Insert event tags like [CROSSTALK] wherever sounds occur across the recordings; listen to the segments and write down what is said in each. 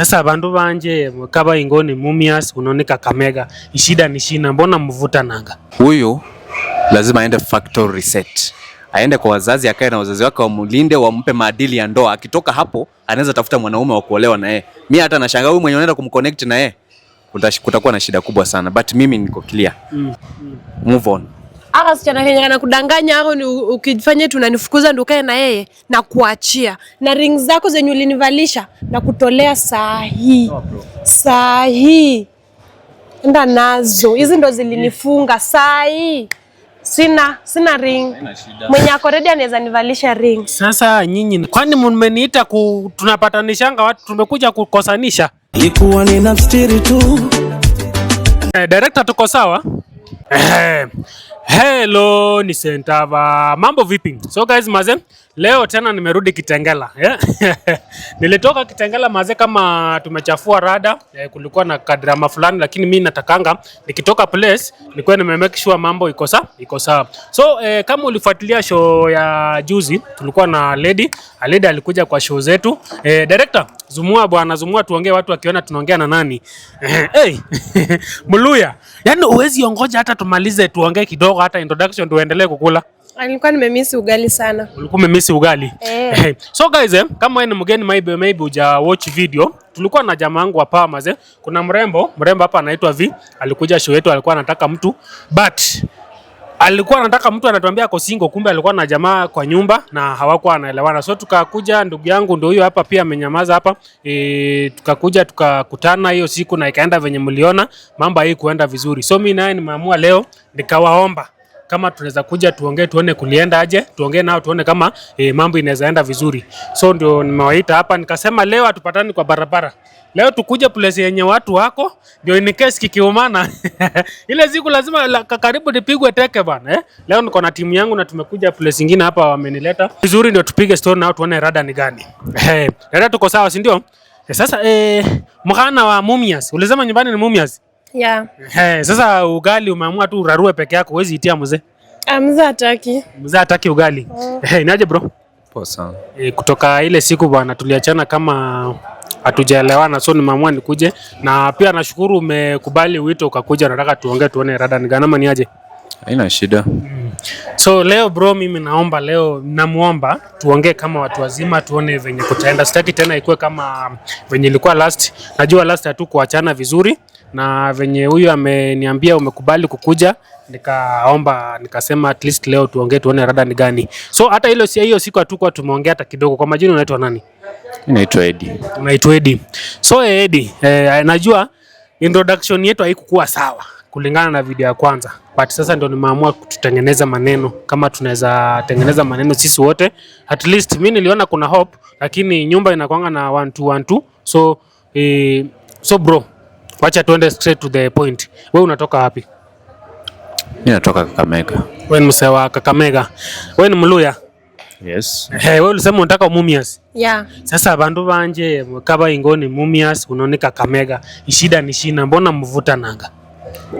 Sasa bandu banje mwekaba ingoni mumias unone Kakamega ishida ni shina, mbona mvuta nanga? Huyu lazima aende factory reset, aende kwa wazazi, akae na wazazi wake, wamlinde, wampe maadili ya ndoa. Akitoka hapo anaweza tafuta mwanaume wa kuolewa naye. Mi hata nashangaa huyu mwenye anaenda kumconnect naye, kutakuwa na shida kubwa sana, but mimi niko clear. Mm. mm. Move on. Aka sichana kenye kudanganya au ni ukifanya tu unanifukuza ndio kae na yeye na kuachia. Na ring zako zenye ulinivalisha na kutolea saa hii. Oh, saa hii. Enda nazo. Hizi ndo zilinifunga saa hii. Sina sina ring. Mwenye ako ready anaweza nivalisha ring. Sasa nyinyi kwani mmeniita ku, tunapatanishanga watu tumekuja kukosanisha. Nilikuwa ninamstiri tu. Eh, director tuko sawa? Hello, ni Sentava. Mambo vipi? So guys, maze Leo tena nimerudi Kitengela yeah? [LAUGHS] Nilitoka Kitengela maze kama tumechafua rada eh, kulikuwa na kadrama fulani, lakini mi natakanga nikitoka place nikuwe nimemake sure mambo iko sawa, iko sawa. So eh, kama ulifuatilia show ya juzi, tulikuwa na lady a lady alikuja kwa show zetu eh, director zumua bwana, zumua tuongee, watu wakiona tunaongea na nani [LAUGHS] hey. [LAUGHS] Muluya, yani uwezi ongoja hata tumalize tuongee kidogo, hata introduction tuendelee kukula Ah, nilikuwa nimemisi ugali sana. Ulikuwa umemisi ugali? Eh. [LAUGHS] So guys, eh, kama wewe ni mgeni maybe maybe uja watch video, tulikuwa na jamaa wangu hapa maze. Eh. Kuna mrembo, mrembo hapa anaitwa V, alikuja show yetu alikuwa anataka mtu but alikuwa anataka mtu anatuambia ako single, kumbe alikuwa na jamaa kwa nyumba na hawakuwa wanaelewana. So tukakuja, ndugu yangu ndio huyo hapa pia amenyamaza hapa e, tukakuja tukakutana hiyo siku na ikaenda venye mliona, mambo haikuenda vizuri. So mimi naye nimeamua leo nikawaomba kama tunaweza kuja tuongee, tuone kulienda aje, tuongee nao tuone kama e, mambo inaweza enda vizuri. So ndio nimewaita hapa nikasema leo hatupatani kwa barabara, leo tukuje place yenye watu wako, ndio in case kikiumana [LAUGHS] ile siku lazima la, karibu nipigwe teke bwana eh. Leo niko na timu yangu na tumekuja place nyingine hapa, wamenileta vizuri, ndio tupige story nao tuone rada ni gani [LAUGHS] eh, rada tuko sawa, si ndio? Eh, sasa eh, mkana wa Mumias ulisema nyumbani ni Mumias Yeah. Hey, eh, sasa ugali umeamua tu urarue peke yako, huwezi itia mzee. Ah, mzee hataki. Mzee hataki ugali. Oh. Hey, eh, inaje bro? Poa sana. E, kutoka ile siku bwana tuliachana kama hatujaelewana, so nimeamua nikuje, na pia nashukuru umekubali wito ukakuja. Nataka tuongee tuone rada ni gani ama ni aje? Haina shida. Mm. So leo bro, mimi naomba leo, namuomba tuongee kama watu wazima, tuone venye kutaenda. Sitaki tena ikuwe kama venye ilikuwa last. Najua last hatukuachana vizuri na venye huyu ameniambia umekubali kukuja, nikaomba nikasema at least leo tuongee tuone rada ni gani. So hata hilo si hiyo siku atakuwa tumeongea hata kidogo. Kwa majina unaitwa nani? Naitwa Edi. Unaitwa Edi. So eh, Edi, eh, najua introduction yetu haikukuwa sawa kulingana na video ya kwanza, but sasa ndio nimeamua kututengeneza maneno kama tunaweza tengeneza maneno sisi wote. At least mimi niliona kuna hope, lakini nyumba inakwanga na 1 2 1 2 So eh, so bro Wacha tuende straight to the point. Wewe unatoka wapi? Mimi natoka Kakamega. Wewe ni msee wa Kakamega. Wewe ni Mluya? Yes. Hey, wewe ulisema unataka Mumias. Yeah. Sasa bandu banje kaba ingoni Mumias unaone Kakamega. Shida ni shina, mbona mvuta nanga?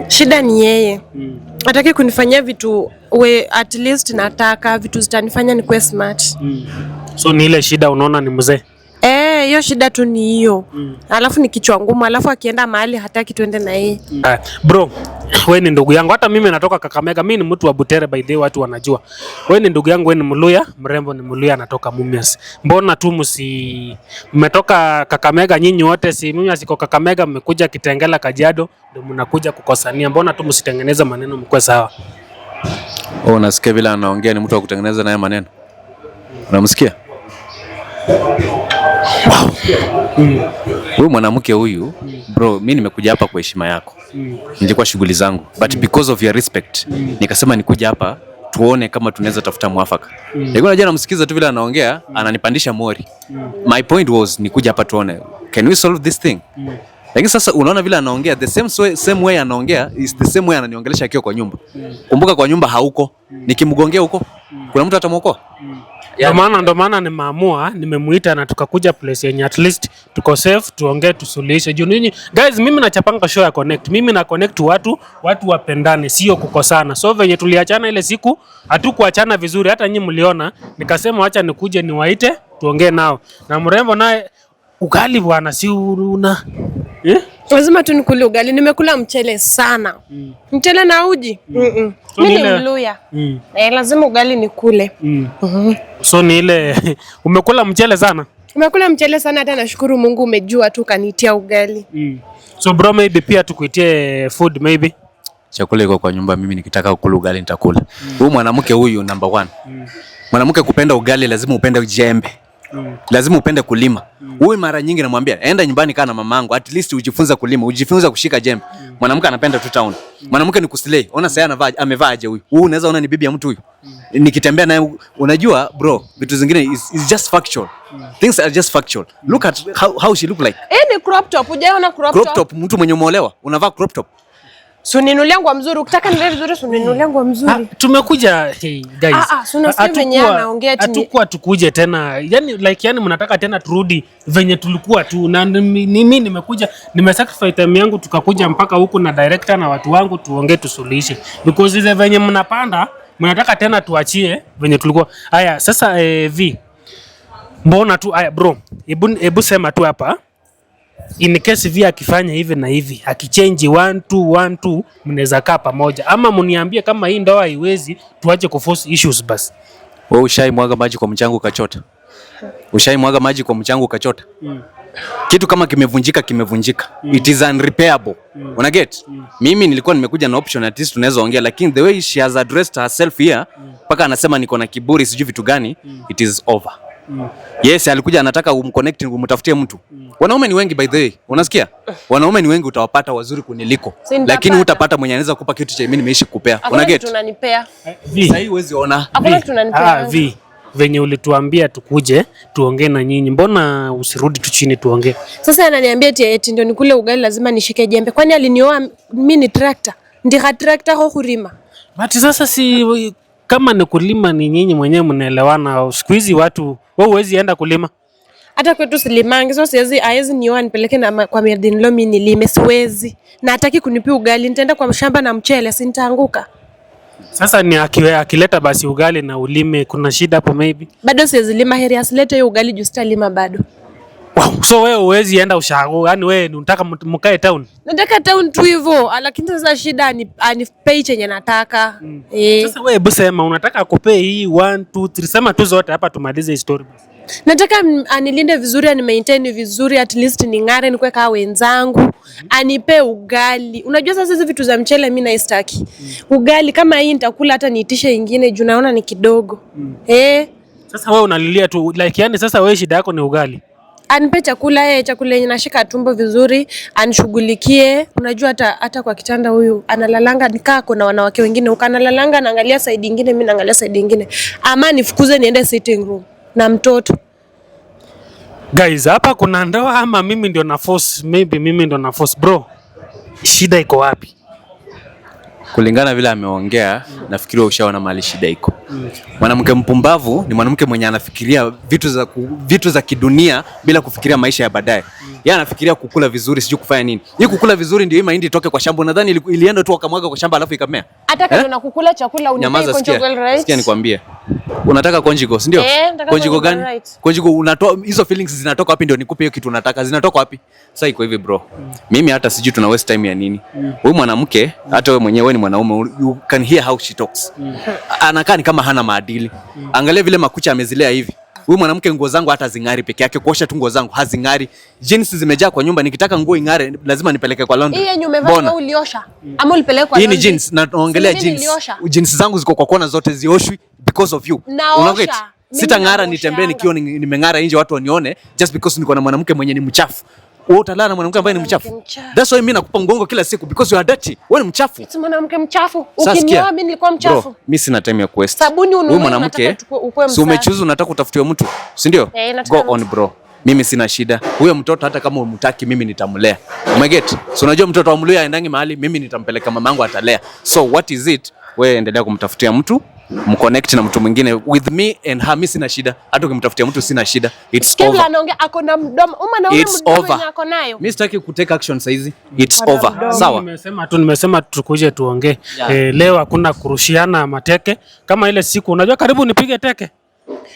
Shida ni yeye. Mm. Ataki kunifanyia vitu we at least nataka vitu zitanifanya nikuwe smart. Mm. So ni ile shida unaona ni mzee. Eh, hiyo shida tu ni hiyo mm. Alafu ni kichwa ngumu, alafu akienda mahali hataki tuende na yeye mm. Uh, bro wewe ni ndugu yangu, hata mimi natoka Kakamega, mimi ni mtu wa Butere by the way, watu wanajua. Wewe ni ndugu yangu, wewe ni Mluya, mrembo ni Mluya, anatoka Mumias. Mbona tu msi mmetoka Kakamega nyinyi wote, si Mumias asiko Kakamega, mmekuja Kitengela, Kajiado, ndio mnakuja kukosania. Mbona tu msitengeneza maneno mkwe sawa? Oh, nasikia vile anaongea ni mtu wa kutengeneza naye maneno, unamsikia? huyu mwanamke huyu, bro, mi nimekuja hapa kwa heshima yako, nilikuwa shughuli zangu, but because of your respect nikasema nikuja hapa tuone kama tunaweza tafuta mwafaka. Nilikuwa najua namsikiza tu vile anaongea, mm. ananipandisha mori. mm. My point was nikuja hapa tuone can we solve this thing. mm. Lakini sasa unaona vile anaongea the same way, same way anaongea is the same way ananiongelesha akiwa kwa nyumba. mm. Kumbuka kwa nyumba hauko, mm. nikimgongea huko mm. kuna mtu atamwokoa mm. Ndio maana ndio maana nimeamua nimemuita na tukakuja place yenye at least tuko safe, tuongee tusuluhishe. Juu nini guys, mimi nachapanga show ya connect, mimi na connect watu, watu wapendane, sio kukosana. So venye tuliachana ile siku hatukuachana vizuri, hata nyinyi mliona. Nikasema acha nikuje niwaite tuongee nao, na mrembo naye ugali bwana, si una eh? Lazima tu nikule ugali. Nimekula mchele sana mm. mchele na uji mm. mm -mm. Mimi ni Mluya mm. Eh, lazima ugali nikule mm. Mm So ni ile [LAUGHS] umekula mchele sana, umekula mchele sana, hata nashukuru Mungu umejua tu kanitia ugali mm. So bro, maybe pia tukuitie food maybe chakula iko kwa nyumba. Mimi nikitaka kula ugali nitakula. Mm. Huyu mm. mwanamke huyu number one mm. mwanamke kupenda ugali lazima upende jembe mm. lazima upende kulima wewe mara nyingi namwambia enda nyumbani kaa na mamangu, at least ujifunza kulima, ujifunza kushika jembe. Mm. Mwanamke anapenda tu town. Mm. Mwanamke ni kuslay. Ona sasa anavaa amevaa aje huyu. Huyu unaweza ona ni bibi ya mtu huyu. Mm. Nikitembea naye unajua bro, vitu zingine is, is just factual. Things are just factual. Look at how, how she look like. Eh, ni crop top. Hujaona crop top? Crop top mtu mwenye umeolewa unavaa crop top. Suninulia nguo mzuri, ukitaka nilee vizuri suninulia nguo mzuri. Ah, tumekuja hey, guys. Ah, ah, Atukua tukuje tena yani, like yani mnataka tena turudi venye tulikuwa tu, na mimi nimekuja nimesacrifice time yangu tukakuja mpaka huku na director na watu wangu tuongee tusuluhishe, because ile venye mnapanda mnataka tena tuachie venye tulikuwa. Haya sasa eh, vi mbona tu haya bro, ebu, sema tu hapa in case via akifanya hivi na hivi akichange one two one two, mnaweza kaa pamoja, ama mniambie kama hii ndoa haiwezi, tuache ku force issues basi. Wewe ushai mwaga maji kwa mchango ukachota? Ushai mwaga maji kwa mchango ukachota? Mm. Kitu kama kimevunjika kimevunjika. Mm. It is unrepairable. Mm. Una get? Mm. Mimi nilikuwa nimekuja na option at least tunaweza ongea, lakini the way she has addressed herself here mm. mpaka mm. anasema niko na kiburi sijui vitu gani. Mm. It is over mm. Yes, alikuja anataka umconnect umtafutie mtu mm. Wanaume ni wengi by the way, unasikia? Wanaume ni wengi, utawapata wazuri kuniliko, lakini utapata mwenye anaweza kukupa kitu cha mimi nimeishi kukupea. Una get? Tunanipea eh, sasa hii huwezi ona Ah, venye ulituambia tukuje tuongee na nyinyi, mbona usirudi tu chini tuongee? Sasa ananiambia eti eti ndio nikule ugali lazima nishike jembe. Kwani alinioa mimi ni tractor, ndika tractor ho kurima bati. Sasa si kama ni kulima, ni nyinyi mwenyewe mnaelewana. Siku hizi watu wewe huwezi enda kulima. Hata kwetu silimangi, so siwezi, hawezi nioa nipeleke na kwa Mirdin Lo mimi nilime, siwezi. Na hataki kunipi ugali, nitaenda kwa mshamba na mchele, si nitaanguka. Sasa ni akiwe, akileta basi ugali na ulime, kuna shida hapo maybe. Bado siwezi lima, heri asilete hiyo ugali juu sitalima bado so wewe uwezi enda ushago. yani wewe unataka mkae town? Nataka town tu hivyo, ah, lakini sasa shida ni ani ah, pay chenye nataka. Mm. Eh. Sasa wewe hebu sema unataka akupee hii 1 2 3 sema tu zote hapa tumalize story basi. Nataka anilinde ah, vizuri, ani maintain vizuri, at least ni ngare ni kama wenzangu. Mm -hmm. Anipe ugali. Unajua sasa hizi vitu za mchele mimi naistaki. Mm Ugali kama hii nitakula hata niitishe nyingine juu naona ni kidogo. Mm. Eh. Sasa wewe unalilia tu like, yani sasa wewe shida yako ni ugali anipe chakula ye, eh, chakula yenye nashika tumbo vizuri, anishughulikie. Unajua hata hata kwa kitanda huyu analalanga nikaa, kuna wanawake wengine ukanalalanga, naangalia side nyingine, mimi naangalia side nyingine, ama nifukuze niende sitting room na mtoto. Guys, hapa kuna ndoa ama mimi ndio na force? Maybe mimi ndio na force. Bro, shida iko wapi? Kulingana vile ameongea, nafikiria ushaona mali shida iko Mwanamke mpumbavu ni mwanamke mwenye anafikiria vitu za, ku, vitu za kidunia bila kufikiria maisha ya baadaye. Yeye anafikiria kukula vizuri, sijui kufanya nini. Hii kukula vizuri ndio hii mahindi itoke kwa shamba. Nadhani ilienda tu akamwaga kwa shamba alafu ikamea. Hata kama eh? kukula chakula unipe conjugal rights. Sikia nikwambie. Unataka conjugal, si ndio? Conjugal eh, gani? Conjugal unatoa hizo feelings zinatoka wapi ndio nikupe hiyo kitu unataka. Zinatoka wapi? Sasa iko hivi bro. Mimi hata sijui tuna waste time ya nini. Huyu mwanamke hata wewe mwenyewe ni mwanaume, you can hear how she talks. Mm. Anakaa ni kama kama hana maadili. Angalia vile makucha amezilea hivi. Huyu mwanamke nguo zangu hata zing'ari peke yake, kuosha tu nguo zangu hazing'ari. Jeans zimejaa kwa nyumba, nikitaka nguo ing'are lazima nipeleke kwa laundry. Hii nyumba uliosha ama ulipeleka kwa laundry? Hii ni jeans na naongelea jeans. Jeans zangu ziko kwa kona zote zioshwi because of you. Unaona? Sitang'ara nitembee nikiwa nimeng'ara nje watu wanione just because niko na mwanamke mwenye ni mchafu wewe utalala na mwanamke ambaye ni mchafu. That's why mimi nakupa mgongo kila siku because you are dirty. Wewe ni mchafu. Sasa mwanamke mchafu, ukinioa mimi nilikuwa mchafu. Mimi sina time ya quest. Sabuni ununue, wewe mwanamke. Si umechuzu unataka utafutiwe mtu, si ndio? Yeah, Go on bro. Mimi sina shida. Huyo mtoto hata kama umtaki mimi nitamlea. Umeget? So unajua mtoto wa mluya aendangi mahali, mimi nitampeleka mamangu atalea. So what is it? Wewe endelea kumtafutia mtu mconnect na mtu mwingine. With me and her, mimi sina shida, hata ukimtafutia mtu sina shida. It's over. Anaongea ako na mdomo, uma na mdomo yako nayo. Mimi sitaki ku take action saizi. It's over. Sawa. Nimesema tu, nimesema tukuje tuongee. Eh, leo hakuna kurushiana mateke kama ile siku, unajua karibu nipige teke.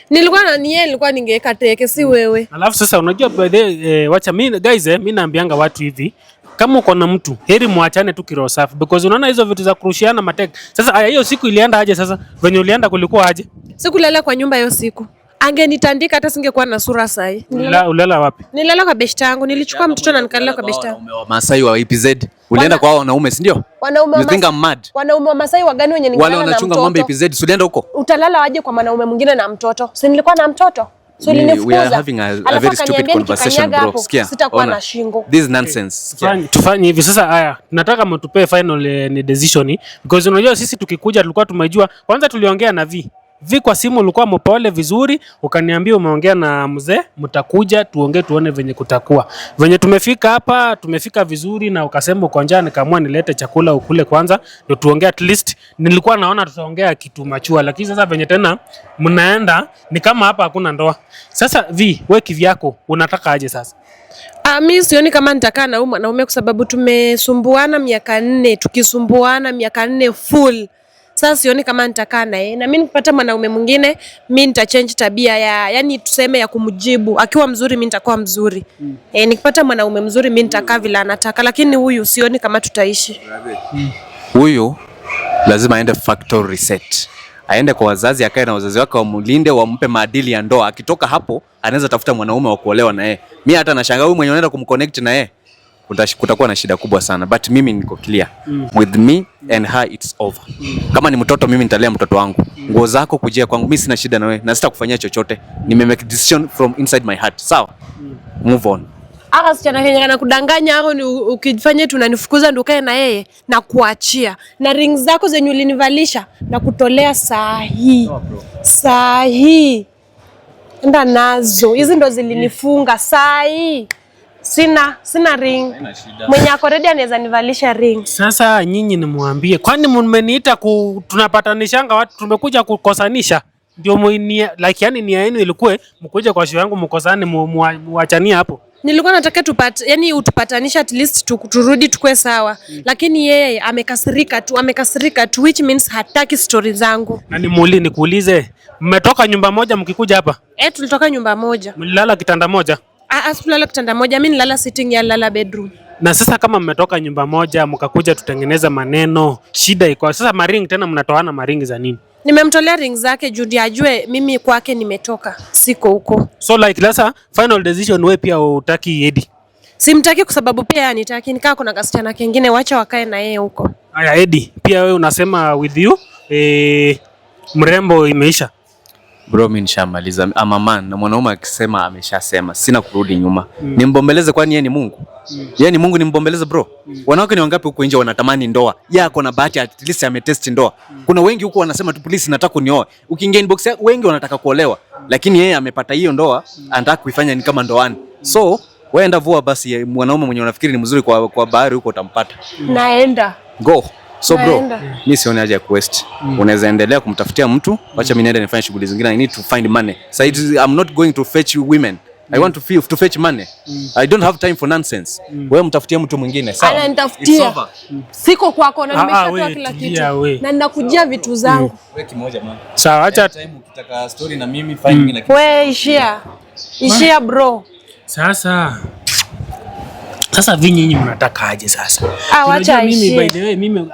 Nilikuwa na nia, nilikuwa ningeweka teke, si wewe. Alafu sasa unajua by the eh, wacha mimi guys eh, mimi naambianga watu hivi kama uko na mtu heri muachane tu kiroho safi, because unaona hizo vitu za kurushiana mateke. Sasa aya, hiyo siku ilienda aje? Sasa venye ulienda kulikuwa aje? Sikulala kwa nyumba hiyo siku, angenitandika hata singekuwa na sura sahi. Ulala wapi? Nilala kwa beshte yangu, nilichukua yaani mtoto na nikalala kwa beshte yangu. Wa Masai wa IPZ ulienda kwa wanaume, si ndio? Wanaume wa Masai, mad? Wanaume wa Masai wagani wenye nilala na mtoto? Wale wanachunga ng'ombe EPZ, ulienda huko? Utalala aje kwa mwanaume mwingine na mtoto? Si nilikuwa na mtoto So ni, we are having a, a very stupid conversation bro. Sikia. Sitakuwa na shingo. This nonsense. Tufanye hivi sasa haya. Nataka mtupe final eh, ni decision because unajua sisi tukikuja tulikuwa tumejua kwanza tuliongea na V. Vi kwa simu ulikuwa mpole vizuri, ukaniambia umeongea na mzee, mtakuja tuongee tuone venye kutakuwa. Venye tumefika hapa, tumefika vizuri na ukasema uko njaa, nikaamua nilete chakula ukule kwanza ndio tuongee at least. Nilikuwa naona tutaongea kitu machua, lakini sasa venye tena mnaenda ni kama hapa hakuna ndoa. Sasa Vi, wewe kivyako unataka aje sasa? Ah, mimi sioni kama nitakaa na mwanaume kwa sababu tumesumbuana miaka nne, tukisumbuana miaka nne full sasa sioni kama nitakaa naye, na mimi nikipata mwanaume mwingine mimi nitachange tabia ya yani, tuseme ya kumjibu. Akiwa mzuri mimi nitakuwa mzuri mm. E, nikipata mwanaume mzuri mimi nitakaa vile anataka, lakini huyu sioni kama tutaishi mm. huyu mm. Lazima aende factory reset, aende kwa wazazi, akae na wazazi wake, wamlinde, wampe maadili ya ndoa. Akitoka hapo anaweza tafuta mwanaume wa kuolewa naye. Mimi hata nashangaa huyu mwenye anaenda kumconnect naye kutakuwa na shida kubwa sana but mimi niko clear mm. with me and her it's over mm. Kama ni mtoto mimi nitalea mtoto wangu mm. Nguo zako kujia kwangu mimi sina shida na wewe na sitakufanyia chochote, nime make decision from inside my heart sawa. mm. Move on. Aka sichana kenye kana kudanganya au ni ukifanya tu unanifukuza ndio kae na yeye na kuachia na rings zako zenye ulinivalisha na kutolea saa hii no, oh, saa hii enda nazo hizi ndo zilinifunga saa hii Sina sina ring. Mwenye ako ready anaweza nivalisha ring. Sasa nyinyi nimwambie, kwani mmeniita ku tunapatanishanga watu, tumekuja kukosanisha ndio muinia, like yani nia yenu ilikuwa mkuje kwa show yangu mkosane, muachanie hapo. Nilikuwa nataka tupate, yani utupatanisha at least turudi tukue sawa mm. Lakini yeye amekasirika tu, amekasirika tu, which means hataki story zangu. Na nimuulize, nikuulize, mmetoka nyumba moja mkikuja hapa? Eh, tulitoka nyumba moja. Mlilala kitanda moja? Asulala kitanda moja, mimi nilala sitting, ya lala bedroom. Na sasa kama mmetoka nyumba moja mkakuja tutengeneza maneno, shida iko sasa. Maringi tena mnatoana maringi za nini? Nimemtolea ring zake juu ajue mimi kwake nimetoka, siko huko. So like sasa final decision, wewe pia utaki Edi? Simtaki kwa sababu pia nitaki nikaa, kuna kasichana kingine, wacha wakae na yeye huko. Aya, Edi, pia wewe unasema with you eh, mrembo imeisha Bro, mimi nishamaliza. Ama man na mwanaume akisema ameshasema, sina kurudi nyuma mm. Nimbombeleze, kwani yeye ni Mungu mm. Yeye ni Mungu, nimbombeleze bro mm. Wanawake ni wangapi huko nje wanatamani ndoa? yako na bahati, at least ametest ndoa mm. Kuna wengi huko wanasema tu please, nataka kunioa. Ukiingia inbox yake wengi wanataka kuolewa mm. Lakini yeye amepata hiyo ndoa mm. Anataka kuifanya ni kama ndoani mm. So wewe enda vua basi, mwanaume mwenye unafikiri ni mzuri kwa, kwa bahari huko utampata mm. Naenda go So bro, mimi sioni haja ya quest. Mm. Unaweza endelea kumtafutia mtu, acha mimi niende nifanye shughuli zingine. I need to find money. So I'm not going to fetch you women. I mm. want to feel, to fetch money. Mm. I don't have time for nonsense. Wewe mtafutie mtu mwingine, sawa? Ana nitafutia. Siko kwako na ah, ah, nimeshatoa kila kitu. Na ninakujia vitu zangu. Wewe kimoja mama. Sawa, acha time ukitaka story na mimi fine. Wewe ishia. Ishia bro. Sasa sasa vinyi nyinyi mnataka aje sasa? Ah, mimi by the way mimi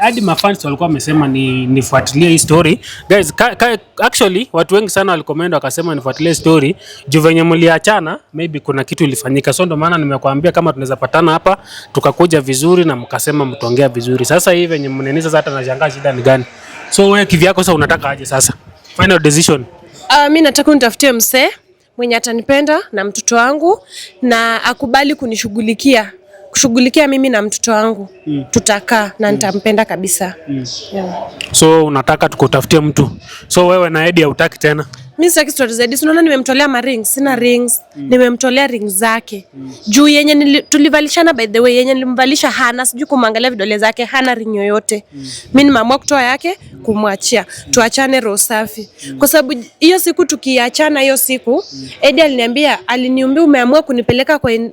hadi mafans walikuwa wamesema ni nifuatilie hii story. Guys, ka, ka, actually watu wengi sana walikomenda wakasema nifuatilie story juu venye mliachana maybe kuna kitu ilifanyika. So ndio maana nimekuambia kama tunaweza patana hapa tukakuja vizuri na mkasema mtongea vizuri. Sasa hivi venye mneniza sasa tunashangaa shida ni gani? So wewe kivyako sasa unataka aje sasa? Final decision. Ah, uh, mimi nataka unitafutie msee mwenye atanipenda na mtoto wangu na akubali kunishughulikia kushughulikia mimi na mtoto wangu mm. tutakaa na mm. nitampenda kabisa mm. yeah. So unataka tukutafutie mtu? So wewe na Edi hautaki tena? Mimi sitaki stories zaidi si Unaona nimemtolea ma rings, sina rings mm. nimemtolea rings zake mm. juu yenye tulivalishana, by the way, yenye nilimvalisha hana, sijui kumwangalia vidole zake, hana ring yoyote mm. mimi nimeamua kutoa yake kumwachia mm. tuachane roho safi mm. kwa sababu hiyo siku tukiachana, hiyo siku mm. Edi aliniambia, aliniumbia, umeamua kunipeleka kwa in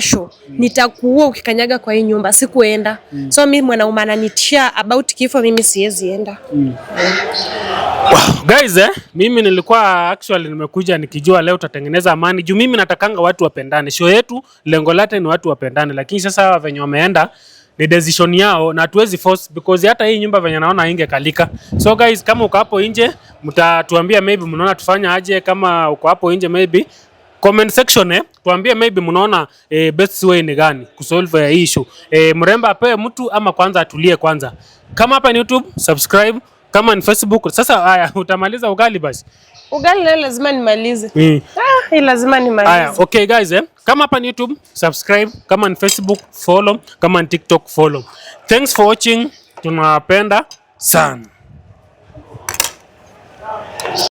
show mm. nitakuua ukikanyaga kwa hii nyumba, sikuenda. mm. So mimi mwanaume ananitia about kifo, mimi siwezi enda. mm. Wow, guys eh, mimi nilikuwa actually nimekuja nikijua leo tutatengeneza amani juu mimi natakanga watu wapendane. Show yetu lengo lake ni watu wapendane, lakini sasa hawa venye wameenda ni decision yao na hatuwezi force because hata hii nyumba venye naona ingekalika. So guys, kama uko hapo nje mtatuambia, maybe mnaona tufanya aje. Kama uko hapo nje maybe Comment section eh, tuambie maybe mnaona eh, best way ni gani kusolve ya issue. Eh, mremba apewe mtu ama kwanza atulie kwanza. Kama hapa ni YouTube, subscribe, kama ni Facebook. Sasa haya [LAUGHS] utamaliza ugali basi. Ugali leo lazima nimalize. Mm. Ah, lazima nimalize. Haya, okay guys eh, kama hapa ni YouTube, subscribe, kama ni Facebook follow, kama ni TikTok follow. Thanks for watching. Tunawapenda sana.